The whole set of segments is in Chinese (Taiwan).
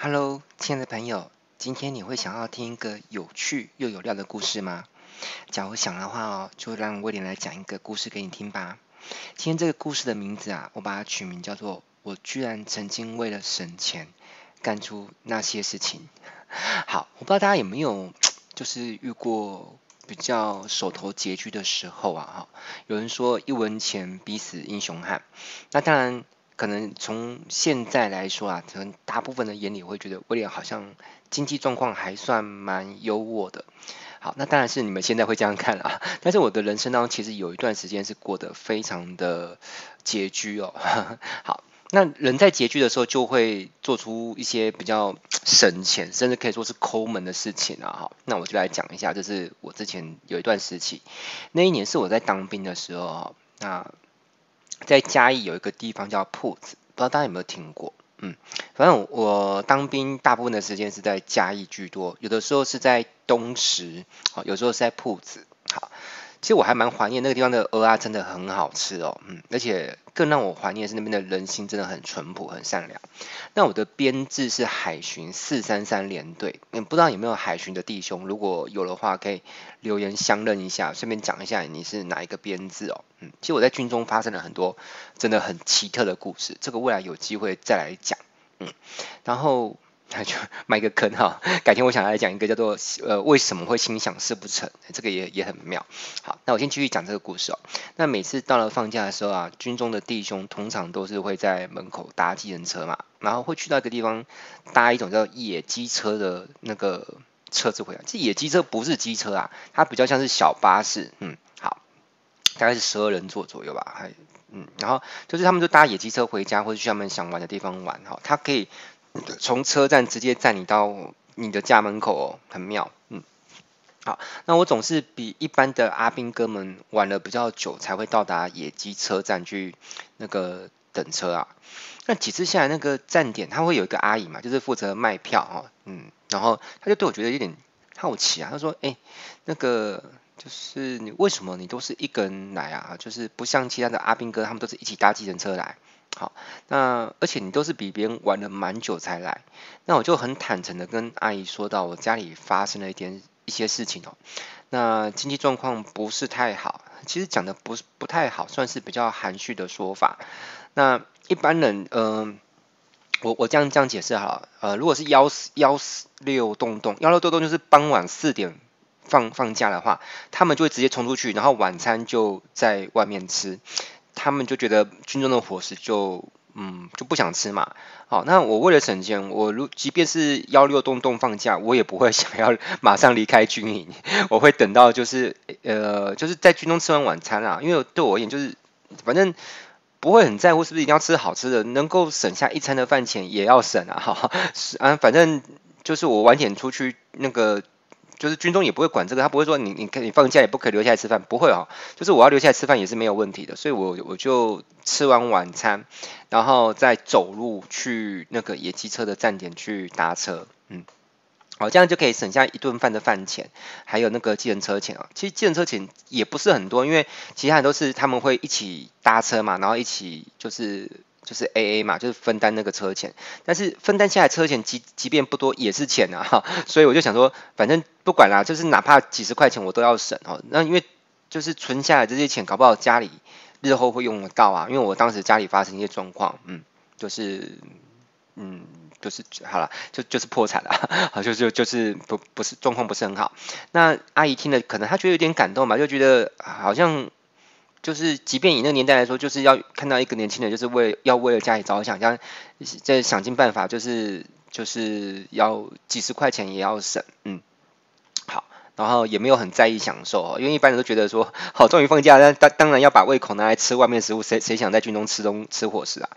哈嘍，親愛的朋友，今天你會想要聽一個有趣又有料的故事嗎？假如想的話哦，就讓威廉來講一個故事給你聽吧。今天這個故事的名字啊，我把它取名叫做《我居然曾經為了省錢幹出那些事情》。好，我不知道大家有沒有就是遇過比較手頭拮據的時候啊。哈，有人說一文錢逼死英雄漢，那當然。可能從現在來說啊，可能大部分的眼裡會覺得威廉好像經濟狀況還算蠻優渥的。好，那當然是你們現在會這樣看啊，但是我的人生當中其實有一段時間是過得非常的拮据哦。好，那人在拮據的時候就會做出一些比較省錢，甚至可以說是摳門的事情啊。哈，那我就來講一下，就是我之前有一段時期，那一年是我在當兵的時候，那。在嘉義有一個地方叫朴子，不知道大家有沒有聽過？嗯，反正我當兵大部分的時間是在嘉義居多，有的時候是在東石，好，有時候是在朴子，好。其實我還蠻懷念那個地方的蚵仔，真的很好吃哦，嗯，而且更讓我懷念的是那邊的人心真的很淳樸、很善良。那我的編製是海巡四三三連隊，嗯，不知道有沒有海巡的弟兄，如果有的話可以留言相認一下，順便講一下你是哪一個編製哦，嗯，其實我在軍中發生了很多真的很奇特的故事，這個未來有機會再來講，嗯，然後。那就埋個坑哈，改天我想來講一個叫做呃為什麼會心想事不成，這個也也很妙。好，那我先繼續講這個故事哦、喔。那每次到了放假的時候啊，軍中的弟兄通常都是會在門口搭計程車嘛，然後會去到一個地方搭一種叫野雞車的那個車子回來。這野雞車不是機車啊，它比較像是小巴士，嗯，好，大概是十二人座左右吧，還嗯，然後就是他們就搭野雞車回家或是去他們想玩的地方玩哈，它可以。從車站直接載你到你的家門口，很妙。嗯，好，那我總是比一般的阿兵哥們晚了比較久才會到達野雞車站去那個等車啊。那幾次下來，那個站點他會有一個阿姨嘛，就是負責賣票，嗯，然後他就對我覺得有點好奇啊，他說：“哎、欸，那個。”就是你為什麼你都是一個人來啊？就是不像其他的阿兵哥，他們都是一起搭計程車來。好，那而且你都是比別人玩了蠻久才來。那我就很坦誠的跟阿姨說到，我家裡發生了一點一些事情哦。那經濟狀況不是太好，其實講的不不太好，算是比較含蓄的說法。那一般人，嗯、呃，我我這樣這樣解釋哈，呃，如果是幺四幺四六洞洞幺六洞洞，洞洞就是傍晚四點。放放假的話，他們就會直接衝出去，然後晚餐就在外面吃。他們就覺得軍中的伙食就嗯就不想吃嘛。好，那我為了省錢，我如即便是幺六洞洞放假，我也不會想要馬上離開軍營，我會等到就是呃就是在軍中吃完晚餐啊。因為對我而言，就是反正不會很在乎是不是一定要吃好吃的，能夠省下一餐的飯錢也要省啊。哈，啊，反正就是我晚點出去那個。就是軍中也不會管這個，他不會說，你你可你放假也不可以留下來吃飯，不會哦。就是我要留下來吃飯也是沒有問題的，所以我，我我就吃完晚餐，然後再走路去那個野雞車的站點去搭車，嗯，好，這樣就可以省下一頓飯的飯錢，還有那個計程車錢啊，哦。其實計程車錢也不是很多，因為其他人都是他們會一起搭車嘛，然後一起就是。就是 AA 嘛，就是分擔那個車錢，但是分擔下來車錢，即即便不多，也是錢啊。所以我就想說，反正不管啦，就是哪怕幾十塊錢，我都要省哦。那因為就是存下來這些錢，搞不好家裡日後會用得到啊。因為我當時家裡發生一些狀況，嗯，就是嗯，就是好了，就就是破產了，就就是、就是不不是狀況不是很好。那阿姨聽了，可能她覺得有點感動嘛，就覺得好像。就是，即便以那個年代來說，就是要看到一個年輕人，就是為要為了家裡着想，這樣在想盡辦法，就是就是要幾十塊錢也要省，嗯，好，然後也沒有很在意享受，因為一般人都覺得說，好，終於放假，但當當然要把胃口拿來吃外面食物，誰誰想在軍中吃東吃伙食啊？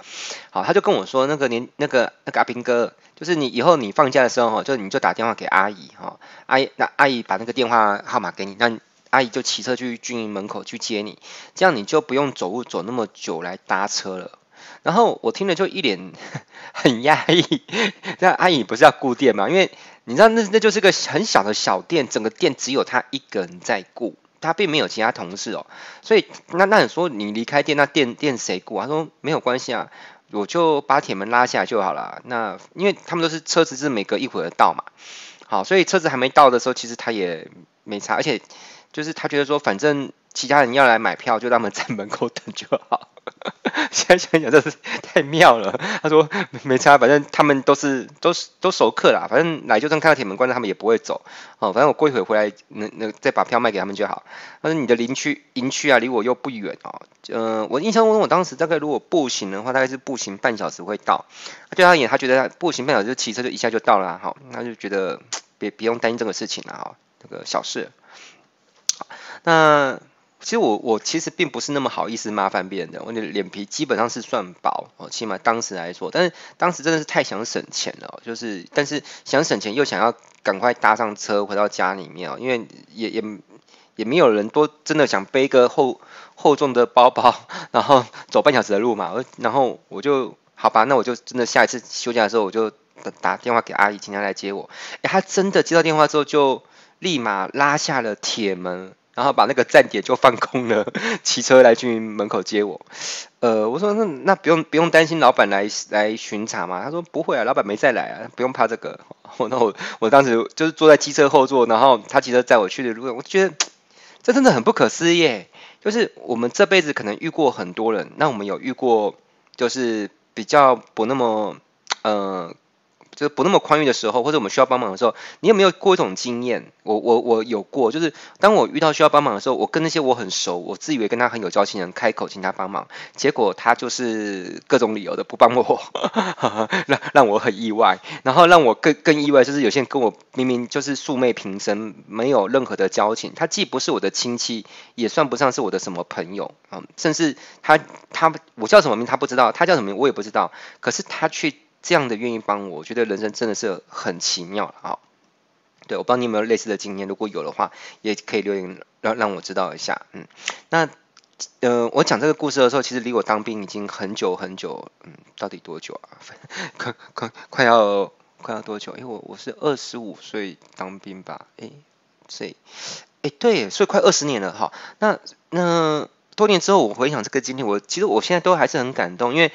好，他就跟我說，那個年那個那個阿兵哥，就是你以後你放假的時候，就你就打電話給阿姨，哈、啊，阿姨那阿姨把那個電話號碼給你，讓。阿姨就騎車去軍營門口去接你，這樣你就不用走路走那麼久來搭車了。然後我聽了就一臉很訝異。那阿姨不是要顧店嗎？因為你知道那那就是個很小的小店，整個店只有他一個人在顧，他並沒有其他同事哦、喔。所以那那你說你離開店，那店店誰顧？他說沒有關係啊，我就把鐵門拉下來就好了。那因為他們都是車子是每隔一會兒的到嘛，好，所以車子還沒到的時候，其實他也沒差，而且。就是他覺得說，反正其他人要來買票，就讓他們在門口等就好。現 在想想，真是太妙了。他說沒，沒差，反正他們都是都是都熟客啦，反正來就算看到鐵門關，他們也不會走。哦，反正我過一會回，回來，那那再把票賣給他們就好。但是你的林區營區啊，離我又不遠哦。嗯、呃，我印象中我當時大概如果步行的話，大概是步行半小時會到。他對他而言，他覺得步行半小時，騎車就一下就到了。好、哦，那就覺得別不用擔心這個事情了，哈、哦，那、這個小事。那其實我我其實並不是那麼好意思麻煩別人的，我的臉皮基本上是算薄哦，起碼當時來說，但是當時真的是太想省錢了，就是但是想省錢又想要趕快搭上車回到家裡面，因為也也也沒有人多，真的想背個厚厚重的包包，然後走半小時的路嘛，我然後我就好吧，那我就真的下一次休假的時候，我就打打電話給阿姨，請她來接我，哎，她真的接到電話之後就立馬拉下了鐵門。然後把那個站點就放空了，騎車來去門口接我。呃，我說，那那不用，不用擔心老板來來巡查嘛？他說不會啊，老板沒再來啊，不用怕這個。然後我，我當時就是坐在機車後座，然後他騎車載我去的路上，我覺得這真的很不可思議。就是我們這輩子可能遇過很多人，那我們有遇過就是比較不那麼呃。就不那麼寬裕的時候，或者我們需要幫忙的時候，你有沒有過一種經驗？我我我有過，就是當我遇到需要幫忙的時候，我跟那些我很熟，我自以為跟他很有交情的人開口請他幫忙，結果他就是各種理由的不幫我，讓 讓我很意外。然後讓我更更意外就是有些人跟我明明就是素昧平生，沒有任何的交情，他既不是我的親戚，也算不上是我的什麼朋友啊，嗯，甚至他他我叫什麼名他不知道，他叫什麼名我也不知道，可是他卻，這樣的願意幫我，我覺得人生真的是很奇妙了。好，對，我不知道你有沒有類似的經驗？如果有的話，也可以留言讓讓我知道一下。嗯，那呃，我講這個故事的時候，其實離我當兵已經很久很久，嗯，到底多久啊？ 快快快要快要多久？因、欸、為我我是二十五歲當兵吧？哎、欸，所以哎、欸，對，所以快二十年了哈。那那多年之後，我回想這個經歷，我其實我現在都還是很感動，因為。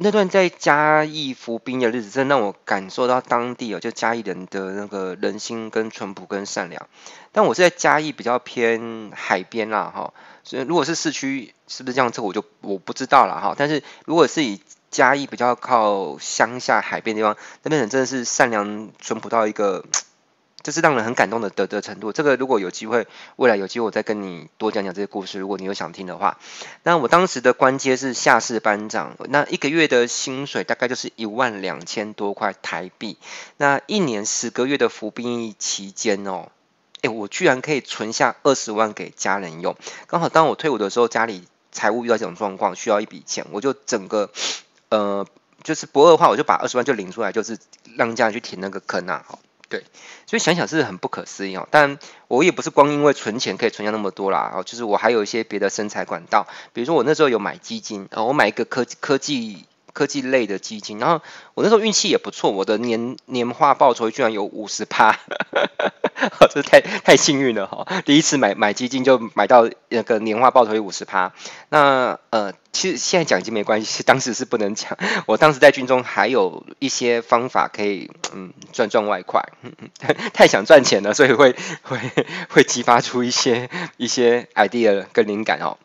那段在嘉義服兵役的日子，真讓我感受到當地哦，就嘉義人的那個人心跟淳樸跟善良。但我是在嘉義比較偏海邊啦，哈，所以如果是市區，是不是這樣子，我就我不知道啦哈。但是如果是以嘉義比較靠鄉下海邊的地方，那邊人真的是善良淳樸到一個。這是讓人很感動的得得程度。這個如果有機會，未來有機會我再跟你多講講這些故事。如果你有想聽的話，那我當時的官階，是下士班長，那一個月的薪水大概就是一萬兩千多塊台幣。那一年十個月的服兵役期間哦，誒，我居然可以存下二十萬給家人用。剛好當我退伍的時候，家裡財務遇到這種狀況，需要一筆錢，我就整個呃，就是不二的話，我就把二十萬就領出來，就是讓家人去填那個坑啊！對，所以想想是很不可思議哦。但我也不是光因為存錢可以存下那麼多啦，哦，就是我還有一些別的生財管道，比如說我那時候有買基金啊，我買一個科科技。科技類的基金，然後我那時候運氣也不錯，我的年年化報酬居然有五十趴，哈哈哈哈，這太太幸運了哈！第一次買買基金就買到那個年化報酬有五十趴，那呃，其實現在講已經沒關係，當時是不能講。我當時在軍中還有一些方法可以嗯賺賺外快，嗯，太想賺錢了，所以會會會激發出一些一些 idea 跟靈感哦。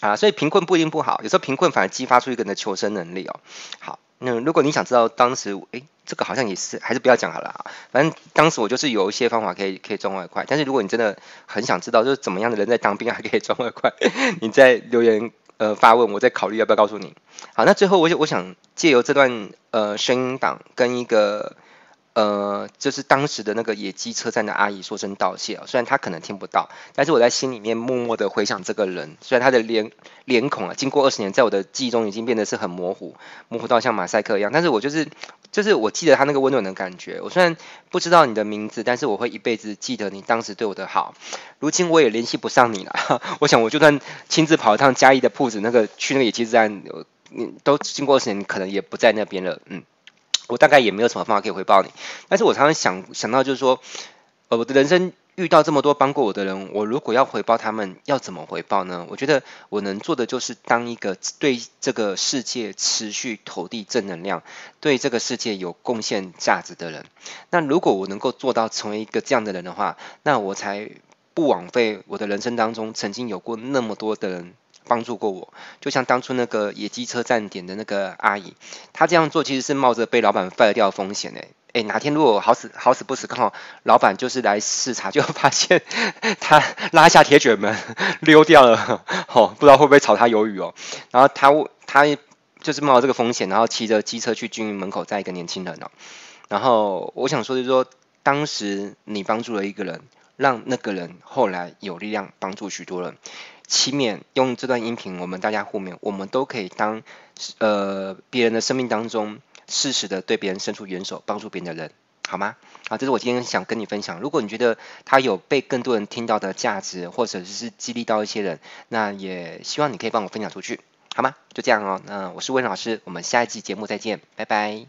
啊，所以貧困不一定不好，有時候貧困反而激發出一個人的求生能力哦。好，那如果你想知道當時，哎、欸，這個好像也是，還是不要講好了啊。反正當時我就是有一些方法可以可以賺外快，但是如果你真的很想知道，就是怎麼樣的人在當兵還可以賺外快，你在留言呃發問，我再考慮要不要告訴你。好，那最後我我想借由這段呃聲音檔跟一個。呃，就是當時的那個野雞車站的阿姨，說聲道謝，哦，雖然她可能聽不到，但是我在心裡面默默的回想這個人。雖然她的臉臉孔啊，經過二十年，在我的記憶中已經變得是很模糊，模糊到像馬賽克一樣。但是我就是，就是我記得她那個溫暖的感覺。我雖然不知道你的名字，但是我會一輩子記得你當時對我的好。如今我也聯繫不上你了。我想，我就算親自跑一趟嘉義的鋪子，那個去那個野雞站，你都經過二十年，可能也不在那邊了。嗯。我大概也沒有什麼方法可以回報你，但是我常常想想到就是說，呃，我的人生遇到這麼多幫過我的人，我如果要回報他們，要怎麼回報呢？我覺得我能做的就是當一個對這個世界持續投遞正能量、對這個世界有貢獻價值的人。那如果我能夠做到成為一個這樣的人的話，那我才不枉費我的人生當中曾經有過那麼多的人。幫助過我，就像當初那個野雞車站點的那個阿姨，她這樣做其實是冒着被老闆 fire 掉的風險呢、欸。哎，哪天如果我好死好死不死，剛好老闆就是來視察，就發現他拉下鐵捲門溜掉了，吼、哦，不知道會不會炒他魷魚哦。然後他她，就是冒着這個風險，然後騎着機車去軍營門口載一個年輕人哦。然後我想說，就是說當時你幫助了一個人，讓那個人後來有力量幫助許多人。祈勉用這段音頻，我們大家互勉，我們都可以當呃別人的生命當中適時的對別人伸出援手，幫助別人的人，好嗎？好、啊，這是我今天想跟你分享。如果你覺得它有被更多人聽到的價值，或者是激勵到一些人，那也希望你可以幫我分享出去，好嗎？就這樣哦，那我是溫老師，我們下一期節目再見，拜拜。